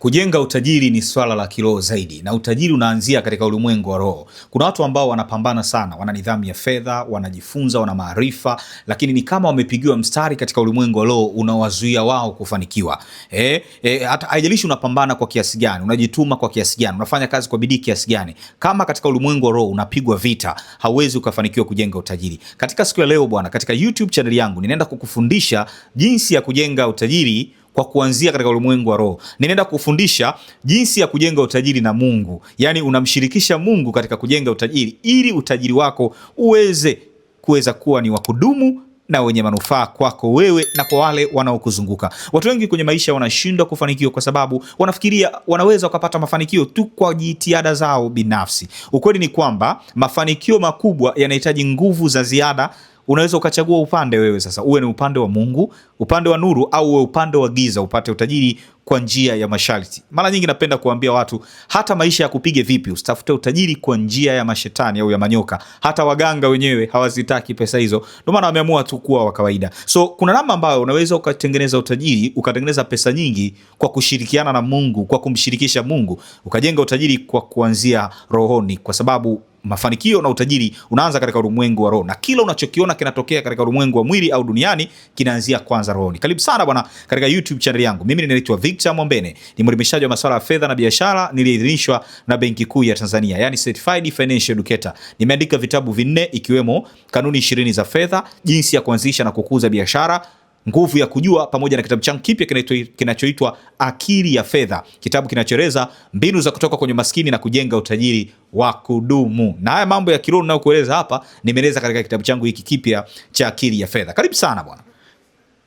Kujenga utajiri ni swala la kiroho zaidi, na utajiri unaanzia katika ulimwengu wa roho. Kuna watu ambao wanapambana sana, wana nidhamu ya fedha, wanajifunza, wana maarifa, lakini ni kama wamepigiwa mstari katika ulimwengu wa roho unawazuia wao kufanikiwa. Eh, eh, hata haijalishi unapambana kwa kiasi gani, unajituma kwa kiasi gani, unafanya kazi kwa bidii kiasi gani, kama katika ulimwengu wa roho unapigwa vita, hauwezi ukafanikiwa kujenga utajiri. Katika siku ya leo bwana, katika YouTube channel yangu ninaenda kukufundisha jinsi ya kujenga utajiri kwa kuanzia katika ulimwengu wa roho. Ninaenda kufundisha jinsi ya kujenga utajiri na Mungu, yaani unamshirikisha Mungu katika kujenga utajiri ili utajiri wako uweze kuweza kuwa ni wa kudumu na wenye manufaa kwako wewe na kwa wale wanaokuzunguka. Watu wengi kwenye maisha wanashindwa kufanikiwa kwa sababu wanafikiria wanaweza wakapata mafanikio tu kwa jitihada zao binafsi. Ukweli ni kwamba mafanikio makubwa yanahitaji nguvu za ziada unaweza ukachagua upande wewe sasa, uwe ni upande wa Mungu, upande wa nuru, au uwe upande wa giza, upate utajiri kwa njia ya masharti. Mara nyingi napenda kuambia watu, hata maisha ya kupige vipi, usitafute utajiri kwa njia ya mashetani au ya manyoka. Hata waganga wenyewe hawazitaki pesa hizo, ndio maana wameamua tu kuwa wa kawaida. So kuna namna ambayo unaweza ukatengeneza utajiri, ukatengeneza pesa nyingi kwa kushirikiana na Mungu, kwa kumshirikisha Mungu, ukajenga utajiri kwa kuanzia rohoni, kwa sababu mafanikio na utajiri unaanza katika ulimwengu wa roho, na kila unachokiona kinatokea katika ulimwengu wa mwili au duniani kinaanzia kwanza rohoni. Karibu sana bwana katika YouTube channel yangu. Mimi ninaitwa Victor Mwambene, ni mwelimishaji wa masuala ya fedha na biashara, niliidhinishwa na Benki Kuu ya Tanzania, yani certified financial educator. Nimeandika vitabu vinne ikiwemo kanuni ishirini za fedha, jinsi ya kuanzisha na kukuza biashara Nguvu ya Kujua pamoja na kitabu changu kipya kinachoitwa Akili ya Fedha, kitabu kinachoeleza mbinu za kutoka kwenye maskini na kujenga utajiri wa kudumu. Na haya mambo ya kiroho ninayokueleza hapa nimeeleza katika kitabu changu hiki kipya cha Akili ya Fedha. Karibu sana bwana.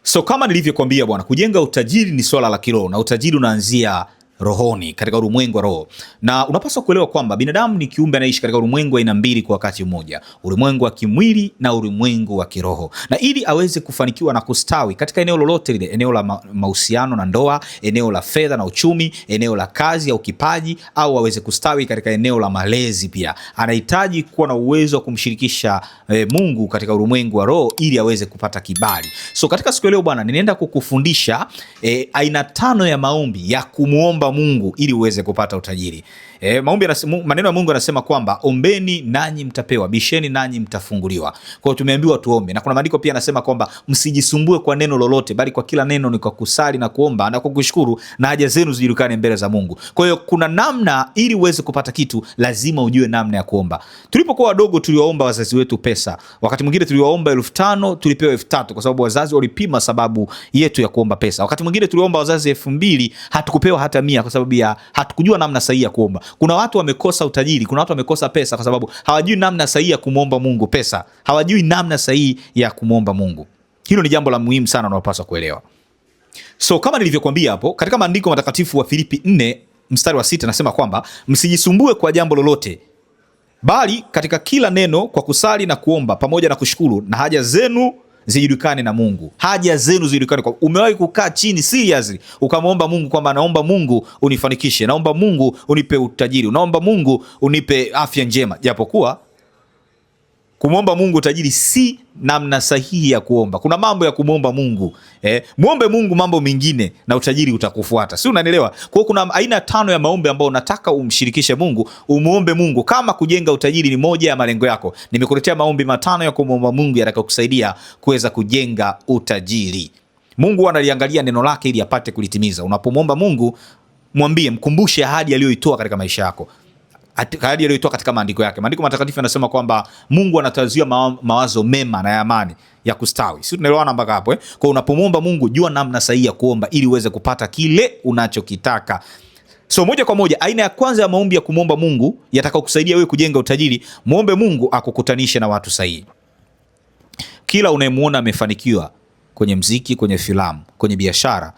So kama nilivyokuambia bwana, kujenga utajiri ni swala la kiroho na utajiri unaanzia rohoni, katika ulimwengu wa roho, na unapaswa kuelewa kwamba binadamu ni kiumbe anaishi katika ulimwengu aina mbili kwa wakati mmoja, ulimwengu wa kimwili na ulimwengu wa kiroho. Na ili aweze kufanikiwa na kustawi katika eneo lolote lile, eneo la mahusiano na ndoa, eneo la fedha na uchumi, eneo la kazi au kipaji, au aweze kustawi katika eneo la malezi, pia anahitaji kuwa na uwezo wa kumshirikisha e, Mungu katika ulimwengu wa roho ili aweze kupata kibali. So katika siku leo bwana, ninaenda kukufundisha e, aina tano ya maombi ya kumwomba Mungu ili uweze kupata utajiri. E, maombi maneno ya Mungu yanasema kwamba ombeni nanyi mtapewa, bisheni nanyi mtafunguliwa. Kwa hiyo tumeambiwa tuombe, na kuna maandiko pia anasema kwamba msijisumbue kwa neno lolote, bali kwa kila neno ni kwa kusali na kuomba na kwa kushukuru, na haja zenu zijulikane mbele za Mungu. Kwa hiyo kuna namna, ili uweze kupata kitu lazima ujue namna ya kuomba. Tulipokuwa wadogo, tuliwaomba wazazi wetu pesa, wakati mwingine tuliwaomba elfu tano tulipewa elfu tatu kwa sababu wazazi walipima sababu yetu ya kuomba pesa. Wakati mwingine tuliomba wazazi elfu mbili hatukupewa hata mia kwa sababu ya hatukujua namna sahihi ya kuomba. Kuna watu wamekosa utajiri, kuna watu wamekosa pesa kwa sababu hawajui namna sahihi ya kumwomba Mungu pesa, hawajui namna sahihi ya kumwomba Mungu. Hilo ni jambo la muhimu sana unalopaswa kuelewa. So kama nilivyokuambia hapo katika maandiko matakatifu wa Filipi 4 mstari wa sita nasema kwamba msijisumbue kwa jambo lolote, bali katika kila neno kwa kusali na kuomba pamoja na kushukuru na haja zenu zijulikane na Mungu, haja zenu zijulikane Umewahi kukaa chini seriously ukamwomba Mungu kwamba naomba Mungu unifanikishe, naomba Mungu unipe utajiri, naomba Mungu unipe afya njema, japokuwa Kumwomba Mungu tajiri si namna sahihi ya kuomba. Kuna mambo ya kumwomba Mungu eh, mwombe Mungu mambo mengine na utajiri utakufuata, si unanielewa? Kwa hiyo kuna aina tano ya maombi ambayo unataka umshirikishe Mungu, umwombe Mungu. Kama kujenga utajiri ni moja ya malengo yako, nimekuletea maombi matano ya kumwomba Mungu yatakayokusaidia kuweza kujenga utajiri. Mungu analiangalia neno lake ili apate kulitimiza. Unapomwomba Mungu, mwambie, mkumbushe ahadi aliyoitoa katika maisha yako kadi aliyoitoa katika maandiko yake. Maandiko matakatifu yanasema kwamba Mungu anatazia mawazo mema na ya amani ya kustawi. Si tunaelewana mpaka hapo eh? Kwa unapomwomba Mungu jua namna sahihi ya kuomba ili uweze kupata kile unachokitaka. So moja kwa moja, aina ya kwanza ya maombi ya kumwomba Mungu yatakayokusaidia wewe kujenga utajiri, muombe Mungu akukutanishe na watu sahihi. Kila unayemwona amefanikiwa kwenye mziki, kwenye filamu, kwenye biashara,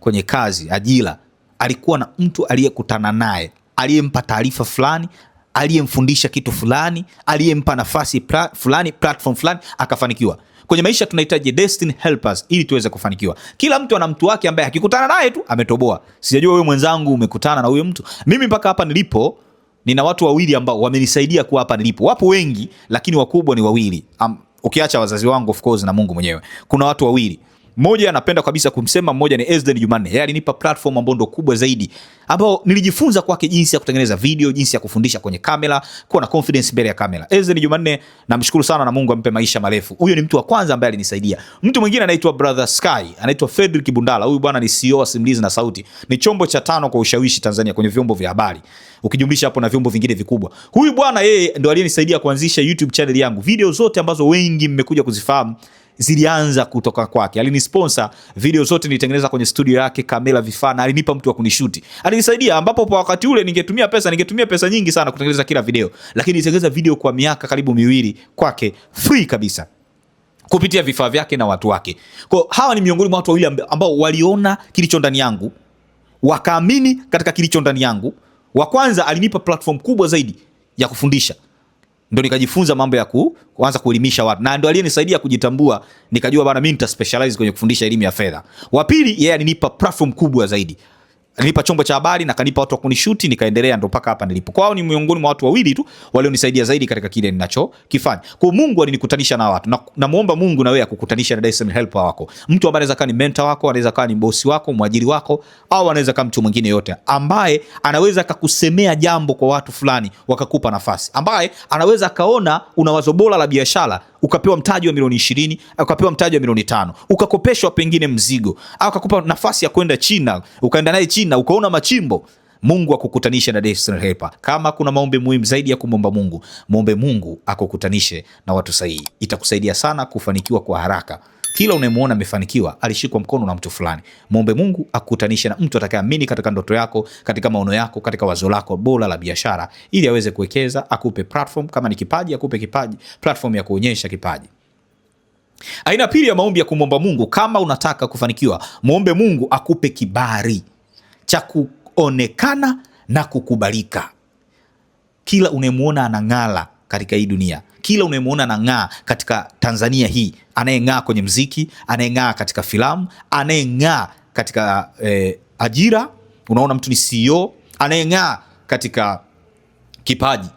kwenye kazi, ajira, alikuwa na mtu aliyekutana naye aliyempa taarifa fulani, aliyemfundisha kitu fulani, aliyempa nafasi pra, fulani platform fulani akafanikiwa. Kwenye maisha tunahitaji destiny helpers ili tuweze kufanikiwa. Kila mtu ana mtu wake ambaye akikutana naye tu ametoboa. Sijajua wewe mwenzangu umekutana na huyo mtu. Mimi mpaka hapa nilipo nina watu wawili ambao wamenisaidia kuwa hapa nilipo. Wapo wengi, lakini wakubwa ni wawili, um, ukiacha wazazi wangu of course na Mungu mwenyewe. Kuna watu wawili mmoja anapenda kabisa kumsema, mmoja ni Ezden Jumanne. Yeye alinipa platform ambayo ndo kubwa zaidi, ambao nilijifunza kwake jinsi ya kutengeneza video, jinsi ya kufundisha kwenye kamera, kuwa na confidence mbele ya kamera. Ezden Jumanne namshukuru sana na Mungu ampe maisha marefu. Huyo ni mtu wa kwanza ambaye alinisaidia. Mtu mwingine anaitwa Brother Sky, anaitwa Fredrick Bundala. Huyu bwana ni CEO wa Simulizi na Sauti. Ni chombo cha tano kwa ushawishi Tanzania kwenye vyombo vya habari. Ukijumlisha hapo na vyombo vingine vikubwa. Huyu bwana yeye ndo aliyenisaidia kuanzisha YouTube channel yangu. Video zote ambazo wengi mmekuja kuzifahamu zilianza kutoka kwake. Alinisponsor video zote nilitengeneza kwenye studio yake, kamera, vifaa na alinipa mtu wa kunishuti. Alinisaidia ambapo kwa wakati ule ningetumia pesa, ningetumia pesa nyingi sana kutengeneza kila video. Lakini nilitengeneza video kwa miaka karibu miwili kwake free kabisa kupitia vifaa vyake na watu wake. Kwa hawa ni miongoni mwa watu wawili ambao waliona kilicho ndani yangu, wakaamini katika kilicho ndani yangu. Wa kwanza alinipa platform kubwa zaidi ya kufundisha ndo nikajifunza mambo ya kuanza kuelimisha watu na ndo aliyenisaidia kujitambua, nikajua bana, mimi nita specialize kwenye kufundisha elimu ya fedha. Wa pili, yeye yeah, alinipa platform kubwa zaidi alinipa chombo cha habari na kanipa watu wa kunishuti, nikaendelea ndo mpaka hapa nilipo. Kwao ni miongoni mwa watu wawili tu walionisaidia zaidi katika kile ninachokifanya. Kwa Mungu alinikutanisha na watu, namuomba na Mungu na wewe akukutanisha na Salaam helper wako, mtu ambaye anaweza kuwa ni mentor wako, anaweza kuwa ni bosi wako, mwajiri wako, au anaweza kuwa mtu mwingine yote ambaye anaweza akakusemea jambo kwa watu fulani wakakupa nafasi, ambaye anaweza kaona una wazo bora la biashara ukapewa mtaji wa milioni ishirini ukapewa mtaji wa milioni tano ukakopeshwa pengine mzigo au akakupa nafasi ya kwenda China ukaenda naye China ukaona machimbo. Mungu akukutanishe na destiny helper. Kama kuna maombi muhimu zaidi ya kumwomba Mungu, mwombe Mungu akukutanishe na watu sahihi. Itakusaidia sana kufanikiwa kwa haraka. Kila unayemwona amefanikiwa alishikwa mkono na mtu fulani. Mwombe Mungu akutanishe na mtu atakayeamini katika ndoto yako, katika maono yako, katika wazo lako bora la biashara, ili aweze kuwekeza, akupe platform. Kama ni kipaji, akupe kipaji, platform ya kuonyesha kipaji. Aina pili ya maombi ya kumwomba Mungu, kama unataka kufanikiwa, mwombe Mungu akupe kibari cha kuonekana na kukubalika. Kila unayemwona anang'ala katika hii dunia. Kila unayemwona anang'aa katika Tanzania hii, anayeng'aa kwenye mziki, anayeng'aa katika filamu, anayeng'aa katika eh, ajira, unaona mtu ni CEO, anayeng'aa katika kipaji,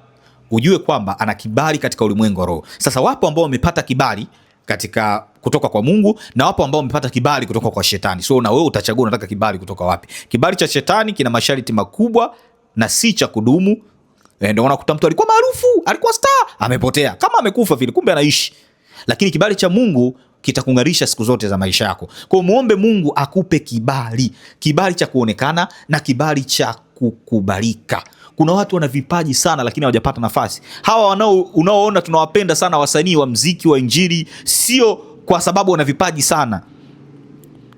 ujue kwamba ana kibali katika ulimwengu wa roho. Sasa wapo ambao wamepata kibali katika kutoka kwa Mungu na wapo ambao wamepata kibali kutoka kwa shetani. So na wewe utachagua unataka kibali kutoka wapi? Kibali cha shetani kina masharti makubwa na si cha kudumu. Eh, ndio unakuta mtu alikuwa maarufu, alikuwa star, amepotea kama amekufa vile, kumbe anaishi. Lakini kibali cha Mungu kitakung'arisha siku zote za maisha yako. Kwa mwombe muombe Mungu akupe kibali, kibali cha kuonekana na kibali cha kukubalika. Kuna watu wana vipaji sana lakini hawajapata nafasi. Hawa wanao unaoona tunawapenda sana wasanii wa mziki wa Injili, sio kwa sababu wana vipaji sana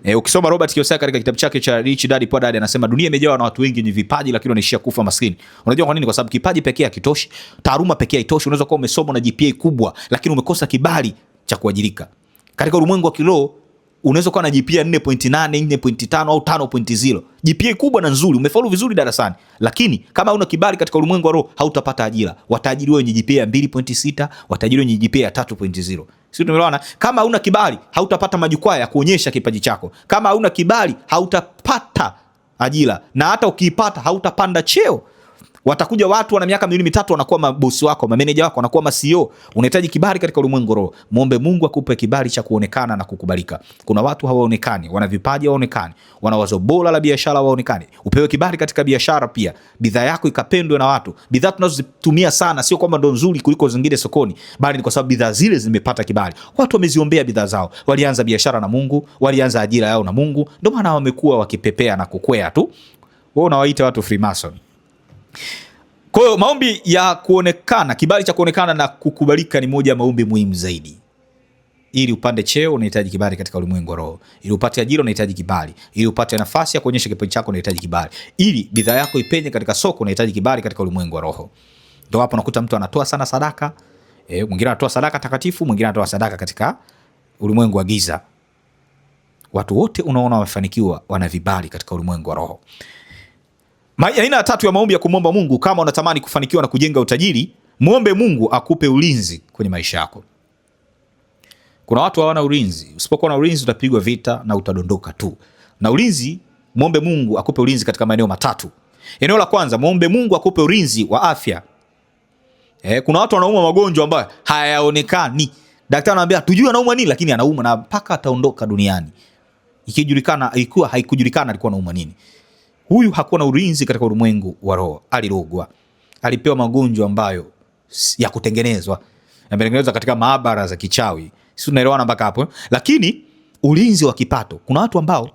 E, ukisoma Robert Kiyosaki katika kitabu chake cha Rich Dad Poor Dad anasema dunia imejawa na watu wengi wenye vipaji lakini wanaishia kufa maskini. Unajua kwa nini? Kwa sababu kipaji pekee hakitoshi, taaluma pekee haitoshi. Unaweza kuwa umesoma na GPA kubwa lakini umekosa kibali cha kuajirika. Katika ulimwengu wa kiroho unaweza kuwa na GPA 4.8, 4.5 au 5.0. GPA kubwa na nzuri, umefaulu vizuri darasani, lakini kama huna kibali katika ulimwengu wa roho hautapata ajira. Wataajiriwa wenye GPA ya 2.6, wataajiriwa wenye GPA 3.0. Sisi tumeelewana. Kama hauna kibali, hautapata majukwaa ya kuonyesha kipaji chako. Kama hauna kibali, hautapata ajira, na hata ukiipata, hautapanda cheo. Watakuja watu wana miaka miwili mitatu, wanakuwa mabosi wako, mameneja wako, wanakuwa ma CEO. Unahitaji kibali katika ulimwengu roho. Muombe Mungu akupe kibali cha kuonekana na kukubalika. Kuna watu hawaonekani, wana vipaji hawaonekani, wana wazo bora la biashara hawaonekani. Upewe kibali katika biashara pia, bidhaa yako ikapendwe na watu. Bidhaa tunazozitumia sana, sio kwamba ndo nzuri kuliko zingine sokoni, bali ni kwa sababu bidhaa zile zimepata kibali. Watu wameziombea bidhaa zao, walianza biashara na Mungu, walianza ajira yao na Mungu, ndio maana wamekuwa wakipepea na kukwea tu. Wewe unawaita watu Freemason kwahiyo maombi ya kuonekana, kibali cha kuonekana na kukubalika ni moja ya maombi muhimu zaidi. Ili upande cheo unahitaji kibali katika ulimwengu wa roho. Ili upate ajira unahitaji kibali. Ili upate nafasi ya kuonyesha kipaji chako unahitaji kibali. Ili bidhaa yako ipenye katika soko unahitaji kibali katika ulimwengu wa roho. ndo hapo unakuta mtu anatoa sana sadaka. E, mwingine anatoa sadaka takatifu, mwingine anatoa sadaka katika ulimwengu wa giza. Watu wote unaona wamefanikiwa wana vibali katika ulimwengu wa roho. Aina ya tatu ya maombi ya kumwomba Mungu, kama unatamani kufanikiwa na kujenga utajiri, muombe Mungu akupe ulinzi kwenye maisha yako. Kuna watu hawana ulinzi. Usipokuwa na ulinzi, utapigwa vita na utadondoka tu. Na ulinzi, muombe Mungu akupe ulinzi katika maeneo matatu. Eneo la kwanza, muombe Mungu akupe ulinzi wa afya. Eh, kuna watu wanaumwa magonjwa ambayo hayaonekani. Daktari anamwambia hatujui anaumwa nini, lakini anaumwa na mpaka ataondoka duniani, ikijulikana ikiwa haikujulikana alikuwa anaumwa nini. Huyu hakuwa na ulinzi katika ulimwengu wa roho, alirogwa, alipewa magonjwa ambayo ya kutengenezwa, yametengenezwa katika maabara za kichawi. Si tunaelewana mpaka hapo? Eh? Lakini ulinzi wa kipato, kuna watu ambao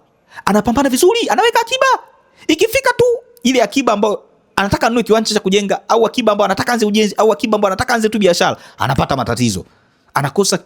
anapambana vizuri, anaweka akiba, ikifika tu ile akiba ambayo anataka nunue kiwanja cha kujenga, au akiba ambayo anataka anze ujenzi, au akiba ambayo anataka anze tu biashara, anapata matatizo, anakosa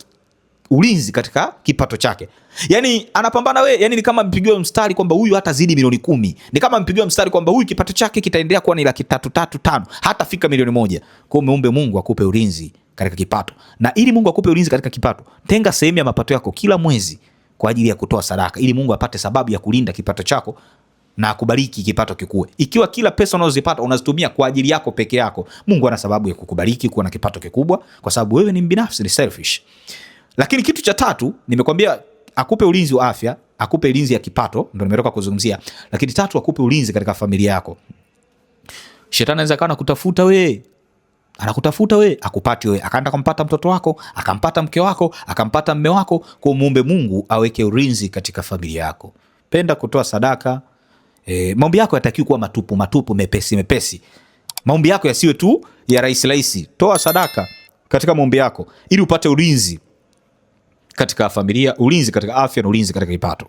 ulinzi katika kipato chake. Yani anapambana we, yani ni kama mpigiwe mstari kwamba huyu hata zidi milioni kumi. Ni kama mpigiwe mstari kwamba huyu kipato chake kitaendelea kuwa ni laki tatu tatu tano, hata fika milioni moja. Kwa hiyo Mungu akupe ulinzi katika kipato, na ili Mungu akupe ulinzi katika kipato, tenga sehemu ya mapato yako kila mwezi kwa ajili ya kutoa sadaka, ili Mungu apate sababu ya kulinda kipato chako na kubariki kipato kikue. Ikiwa kila pesa unazozipata unazitumia kwa ajili yako peke yako, Mungu ana sababu ya kukubariki kuwa na kipato kikubwa, kwa sababu wewe ni mbinafsi, ni selfish. Lakini kitu cha tatu nimekwambia, akupe ulinzi wa afya, akupe ulinzi ya kipato, ndo nimetoka kuzungumzia. Lakini tatu, akupe ulinzi katika familia yako. Shetani anaweza kawa nakutafuta wewe anakutafuta we akupati we, akaenda kumpata mtoto wako, akampata mke wako, akampata mme wako. Kwa muumbe Mungu aweke ulinzi katika familia yako. Penda kutoa sadaka. E, maombi yako yatakiwa kuwa matupu matupu, mepesi mepesi. Maombi yako yasiwe tu ya rahisi rahisi. Toa sadaka katika maombi yako ili upate ulinzi katika familia, ulinzi katika afya na ulinzi katika kipato.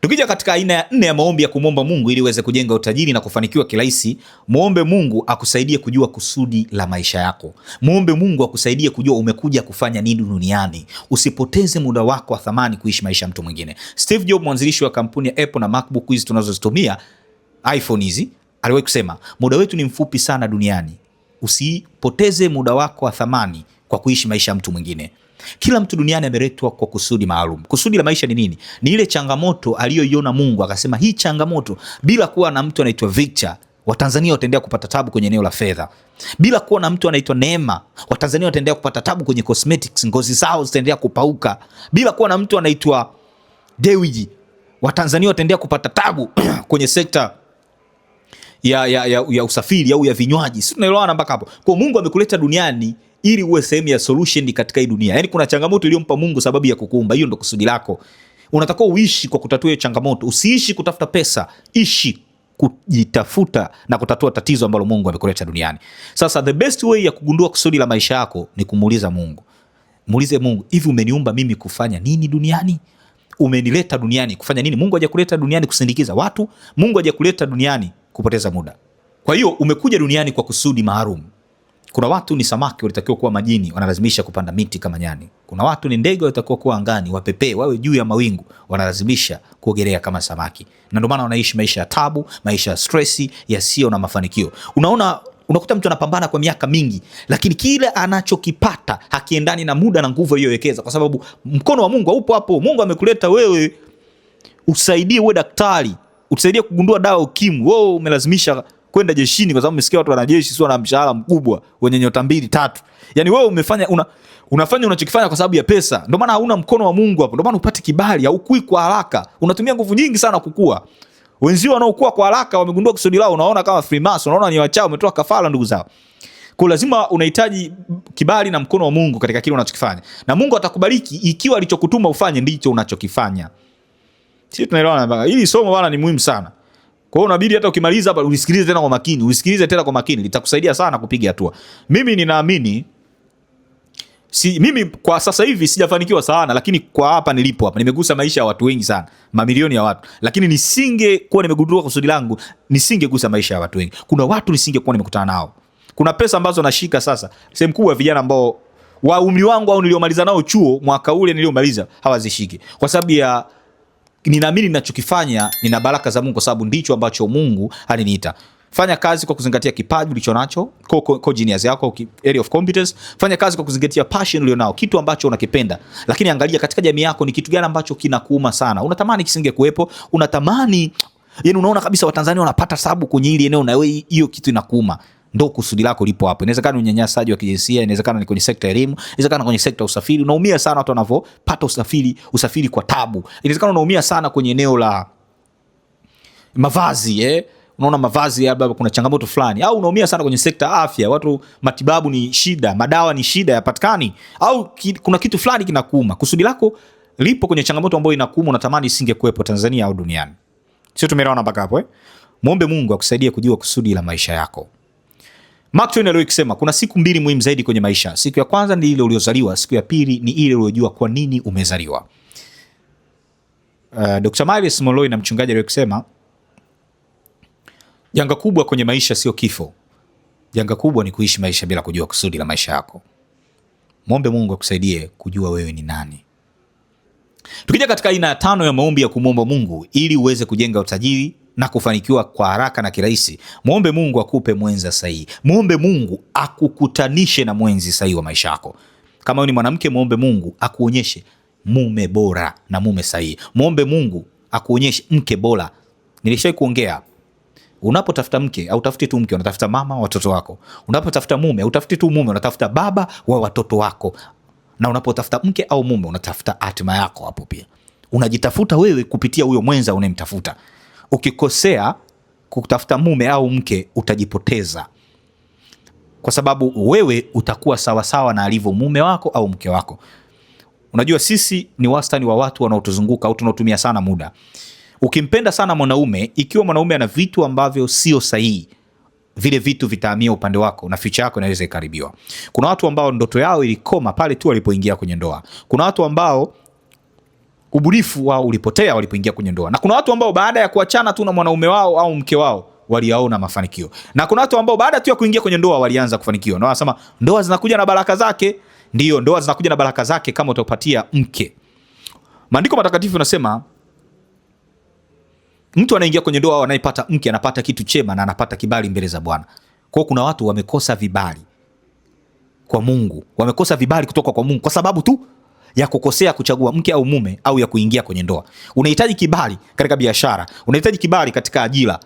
Tukija katika aina ya nne ya maombi ya kumwomba Mungu ili uweze kujenga utajiri na kufanikiwa kirahisi, muombe Mungu akusaidie kujua kusudi la maisha yako. Muombe Mungu akusaidie kujua umekuja kufanya nini duniani. Usipoteze muda wako wa thamani kuishi maisha ya mtu mwingine. Steve Jobs, mwanzilishi wa kampuni ya Apple na MacBook hizi tunazozitumia, iPhone hizi, aliwahi kusema muda wetu ni mfupi sana duniani, usipoteze muda wako wa thamani kwa kuishi maisha ya mtu mwingine. Kila mtu duniani ameletwa kwa kusudi maalum. Kusudi la maisha ni nini? Ni ile changamoto aliyoiona Mungu akasema, hii changamoto, bila kuwa na mtu anaitwa Victor Watanzania wataendelea kupata tabu kwenye eneo la fedha. Bila kuwa na mtu anaitwa Neema, Watanzania wataendelea kupata tabu kwenye cosmetics, ngozi zao zitaendelea kupauka. Bila kuwa na mtu anaitwa Dewiji, Watanzania wataendelea kupata tabu kwenye sekta ya, ya, ya, ya usafiri au ya, ya vinywaji. Si tunaelewana mpaka hapo? Kwa Mungu amekuleta duniani ili uwe sehemu ya solution katika hii dunia. Yaani kuna changamoto iliyompa Mungu sababu ya kukuumba, hiyo ndo kusudi lako. Unatakiwa uishi kwa kutatua hiyo changamoto, usiishi kutafuta pesa, ishi kujitafuta na kutatua tatizo ambalo Mungu amekuleta duniani. Sasa the best way ya kugundua kusudi la maisha yako ni kumuuliza Mungu. Muulize Mungu, hivi umeniumba mimi kufanya nini duniani? Umenileta duniani kufanya nini? Mungu hajakuleta duniani kusindikiza watu. Mungu hajakuleta duniani kupoteza muda. Kwa hiyo umekuja duniani kwa kusudi maalum. Kuna watu ni samaki walitakiwa kuwa majini, wanalazimisha kupanda miti kama nyani. Kuna watu ni ndege walitakiwa kuwa angani, wapepee, wawe juu ya mawingu, wanalazimisha kuogelea kama samaki, na ndio maana wanaishi maisha ya tabu, maisha ya stresi yasiyo na mafanikio. Unaona, unakuta mtu anapambana kwa miaka mingi, lakini kile anachokipata hakiendani na muda na nguvu aliyowekeza, kwa sababu mkono wa Mungu haupo hapo. Mungu amekuleta wewe usaidie, uwe daktari, usaidie kugundua dawa ukimwi, wewe umelazimisha kwenda jeshini, kwa sababu umesikia watu wana jeshi sio na mshahara mkubwa, wenye nyota mbili tatu. Yani wewe umefanya una, unafanya unachokifanya kwa sababu ya pesa, ndio maana hauna mkono wa Mungu hapo, ndio maana upate kibali, au kui kwa haraka, unatumia nguvu nyingi sana kukua. Wenzio wanaokuwa kwa haraka wamegundua kusudi lao, unaona kama Freemason, unaona ni wachao, umetoa kafara ndugu zao. Kwa lazima unahitaji kibali na mkono wa Mungu katika kile unachokifanya, na Mungu atakubariki ikiwa alichokutuma ufanye ndicho unachokifanya. Sisi tunaelewana, hili somo bwana ni muhimu sana. Kwa hiyo unabidi hata ukimaliza hapa usikilize tena kwa makini, usikilize tena kwa makini, litakusaidia sana kupiga hatua. Mimi ninaamini si, mimi kwa sasa hivi sijafanikiwa sana, lakini kwa hapa nilipo hapa nimegusa maisha ya watu wengi sana, mamilioni ya watu, lakini nisinge kuwa nimegundua kusudi langu, nisingegusa maisha ya watu wengi. Kuna watu nisinge kuwa nimekutana nao, kuna pesa ambazo nashika sasa, sehemu kubwa ya vijana ambao wa umri wangu au niliomaliza nao chuo mwaka ule niliomaliza hawazishiki kwa sababu ya ninaamini ninachokifanya nina baraka za Mungu kwa sababu ndicho ambacho Mungu aliniita. Fanya kazi kwa kuzingatia kipaji ulicho nacho, core genius yako, area of competence. Fanya kazi kwa kuzingatia passion ulionao, kitu ambacho unakipenda. Lakini angalia katika jamii yako ni kitu gani ambacho kinakuuma sana, unatamani kisingekuwepo, unatamani yani, unaona kabisa Watanzania wanapata sabu kwenye hili eneo, na hiyo kitu inakuuma ndo kusudi lako lipo hapo. Inawezekana unyanyasaji wa kijinsia, inawezekana ni kwenye sekta ya elimu, inawezekana kwenye sekta ya usafiri. Unaumia sana watu wanavyopata usafiri, usafiri kwa tabu. Inawezekana unaumia sana kwenye eneo la mavazi eh? Unaona mavazi labda kuna changamoto fulani, au unaumia sana kwenye sekta afya, watu matibabu ni shida, madawa ni shida, yapatikani, au ki, kuna kitu fulani kinakuuma. Kusudi lako lipo kwenye changamoto ambayo inakuuma, unatamani isingekuwepo Tanzania au duniani. Sio, tumeelewana mpaka hapo eh? Muombe Mungu akusaidie kujua kusudi la maisha yako. Mark Twain aliwahi kusema kuna siku mbili muhimu zaidi kwenye maisha. Siku ya kwanza ni ile uliozaliwa, siku ya pili ni ile uliojua kwa nini umezaliwa. Uh, Dr. Myles Moloi na mchungaji aliwahi kusema janga kubwa kwenye maisha sio kifo, janga kubwa ni kuishi maisha bila kujua kusudi la maisha yako. Mwombe Mungu akusaidie kujua wewe ni nani. Tukija katika aina ya tano ya maombi ya kumwomba Mungu ili uweze kujenga utajiri na kufanikiwa kwa haraka na kirahisi, mwombe Mungu akupe mwenza sahihi. Mwombe Mungu akukutanishe na mwenzi sahihi wa maisha yako. Kama ni mwanamke, mwombe Mungu akuonyeshe mume bora na mume sahihi. Mwombe Mungu akuonyeshe mke bora. Nilishai kuongea, unapotafuta mke autafuti tu mke, unatafuta mama wa watoto wako. Unapotafuta mume autafuti tu mume, unatafuta baba wa watoto wako. Na unapotafuta mke au mume, unatafuta hatima yako. Hapo pia unajitafuta wewe kupitia huyo mwenza unayemtafuta ukikosea kutafuta mume au mke utajipoteza, kwa sababu wewe utakuwa sawasawa na alivyo mume wako au mke wako. Unajua, sisi ni wastani wa watu wanaotuzunguka au tunaotumia sana muda. Ukimpenda sana mwanaume, ikiwa mwanaume ana vitu ambavyo sio sahihi, vile vitu vitaamia upande wako na ficha yako inaweza ikaribiwa. Kuna watu ambao ndoto yao ilikoma pale tu walipoingia kwenye ndoa. Kuna watu ambao ubunifu wao ulipotea walipoingia kwenye ndoa, na kuna watu ambao baada ya kuachana tu na mwanaume wao au mke wao waliaona mafanikio, na kuna watu ambao baada tu ya kuingia kwenye ndoa walianza kufanikiwa, na wanasema ndoa zinakuja na baraka zake. Ndiyo, ndoa zinakuja na baraka zake kama utapatia mke. Maandiko matakatifu nasema mtu anaingia kwenye ndoa anayepata mke anapata kitu chema na anapata kibali mbele za Bwana. Kwa kuna watu wamekosa vibali kwa Mungu, wamekosa vibali kutoka kwa Mungu kwa sababu tu ya kukosea kuchagua mke au mume au ya kuingia kwenye ndoa. Unahitaji kibali katika biashara, unahitaji kibali katika ajira,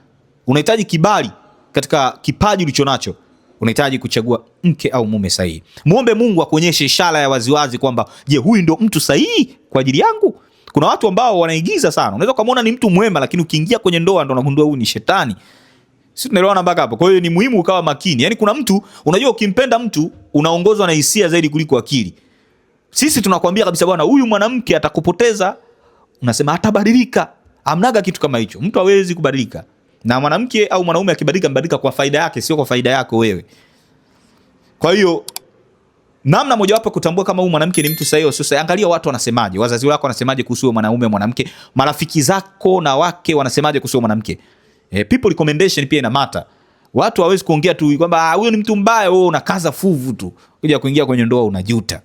unahitaji kibali katika kipaji ulicho nacho, Unahitaji kuchagua mke au mume sahihi. Muombe Mungu akuonyeshe ishara ya waziwazi kwamba, je, huyu ndio mtu sahihi kwa ajili yangu? Kuna watu ambao wanaigiza sana, unaweza ukamwona ni mtu mwema, lakini ukiingia kwenye ndoa ndo unagundua huyu ni shetani. Sisi tunaelewana mpaka hapo. Kwa hiyo ni muhimu ukawa makini. Yaani kuna mtu unajua, ukimpenda mtu unaongozwa na hisia zaidi kuliko akili. Sisi tunakwambia kabisa, bwana, huyu mwanamke atakupoteza, unasema atabadilika. Amnaga kitu kama hicho, mtu hawezi kubadilika. Na mwanamke au mwanaume akibadilika, mbadilika kwa faida yake, sio kwa faida yako wewe. Kwa hiyo namna mojawapo kutambua kama huyu mwanamke ni mtu sahihi, au sasa angalia watu wanasemaje, wazazi wako wanasemaje kuhusu huyo mwanaume mwanamke, marafiki zako na wake wanasemaje kuhusu huyo mwanamke. Eh, people recommendation pia ina mata. Watu hawezi kuongea tu kwamba ah, huyo ni mtu mbaya, wewe unakaza fuvu tu, kuja kuingia kwenye ndoa unajuta.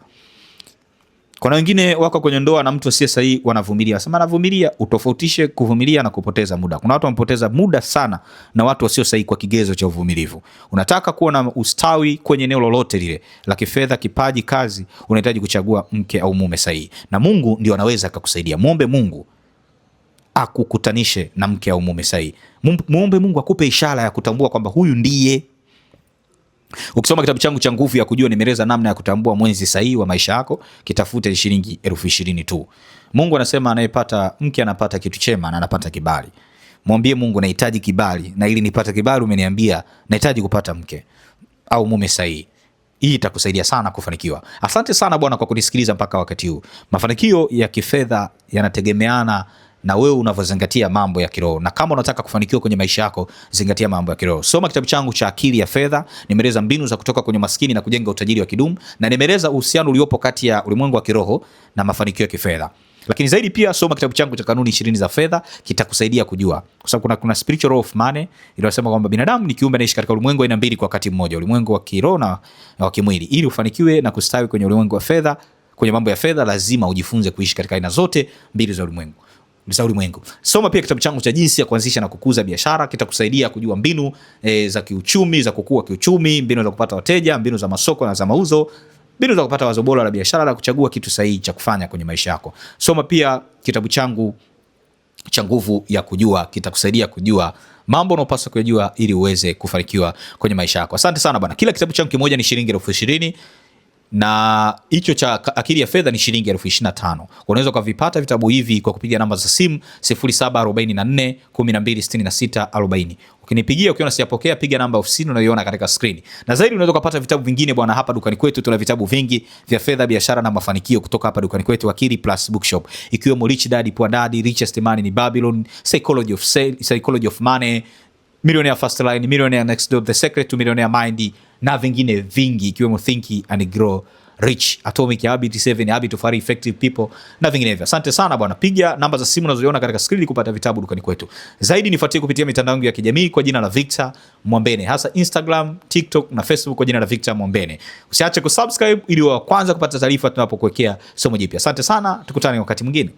Kuna wengine wako kwenye ndoa na mtu asiye sahihi, wanavumilia. Sema anavumilia utofautishe kuvumilia na kupoteza muda. Kuna watu wanapoteza muda sana na watu wasio sahihi kwa kigezo cha uvumilivu. Unataka kuwa na ustawi kwenye eneo lolote lile la kifedha, kipaji, kazi, unahitaji kuchagua mke au mume sahihi, na Mungu ndio anaweza akakusaidia. Muombe Mungu akukutanishe na mke au mume sahihi. Muombe Mungu akupe ishara ya kutambua kwamba huyu ndiye Ukisoma kitabu changu cha Nguvu ya Kujua nimeeleza namna ya kutambua mwenzi sahihi wa maisha yako. Kitafute shilingi elfu ishirini tu. Mungu anasema anayepata mke anapata kitu chema na anapata kibali. Mwambie Mungu, nahitaji kibali, na ili nipate kibali umeniambia nahitaji kupata mke au mume sahihi. Hii itakusaidia sana kufanikiwa. Asante sana Bwana kwa kunisikiliza mpaka wakati huu. Mafanikio ya kifedha yanategemeana na wewe unavyozingatia mambo ya kiroho. Na kama unataka kufanikiwa kwenye maisha yako, zingatia mambo ya kiroho. Soma kitabu changu cha Akili ya Fedha, nimeeleza mbinu za kutoka kwenye maskini na kujenga utajiri wa kidumu, na nimeeleza uhusiano uliopo kati ya ulimwengu wa kiroho na mafanikio ya kifedha. Lakini zaidi pia soma kitabu changu cha Kanuni ishirini za Fedha, kitakusaidia kujua, kwa sababu kuna, kuna spiritual law of money iliyosema kwamba binadamu ni kiumbe anaishi katika ulimwengu aina mbili kwa wakati mmoja, ulimwengu wa kiroho na wa kimwili. Ili ufanikiwe na kustawi kwenye ulimwengu wa fedha, kwenye mambo ya fedha, lazima ujifunze kuishi katika aina zote mbili za ulimwengu za ulimwengu. Soma pia kitabu changu cha jinsi ya kuanzisha na kukuza biashara, kitakusaidia kujua mbinu e, za kiuchumi za kukua kiuchumi, mbinu za kupata wateja, mbinu za masoko na za mauzo, mbinu za kupata wazo bora la biashara na kuchagua kitu sahihi cha kufanya kwenye maisha yako. Soma pia kitabu changu cha nguvu ya kujua, kitakusaidia kujua mambo unaopaswa kujua ili uweze kufanikiwa kwenye maisha yako. Asante sana bwana. Kila kitabu changu kimoja ni shilingi elfu ishirini na hicho cha akili ya fedha ni shilingi elfu ishirini na tano. Unaweza ukavipata vitabu hivi kwa kupiga namba za simu 0744 1266 40. Ukinipigia ukiona sijapokea, piga namba ofisini unayoiona katika skrini. Na zaidi unaweza ukapata vitabu vingine bwana, hapa dukani kwetu tuna vitabu vingi vya fedha, biashara na mafanikio kutoka hapa dukani kwetu Akili Plus Bookshop, ikiwemo Rich Dad Poor Dad, Richest Man in Babylon, Psychology of Sale, Psychology of Money, Millionaire Fast Lane, Millionaire Next Door, The Secret to Millionaire Mind na vingine vingi ikiwemo Think and Grow Rich, Atomic Habit 7, Habit of Effective People na vinginevyo. Asante sana bwana, piga namba za simu unazoiona katika skrini kupata vitabu dukani kwetu. Zaidi nifuatie kupitia mitandao yangu ya kijamii kwa jina la Victor Mwambene, hasa Instagram, TikTok na Facebook kwa jina la Victor Mwambene. Usiache kusubscribe ili wa kwanza kupata taarifa tunapokuwekea somo jipya. Asante sana, tukutane wakati mwingine.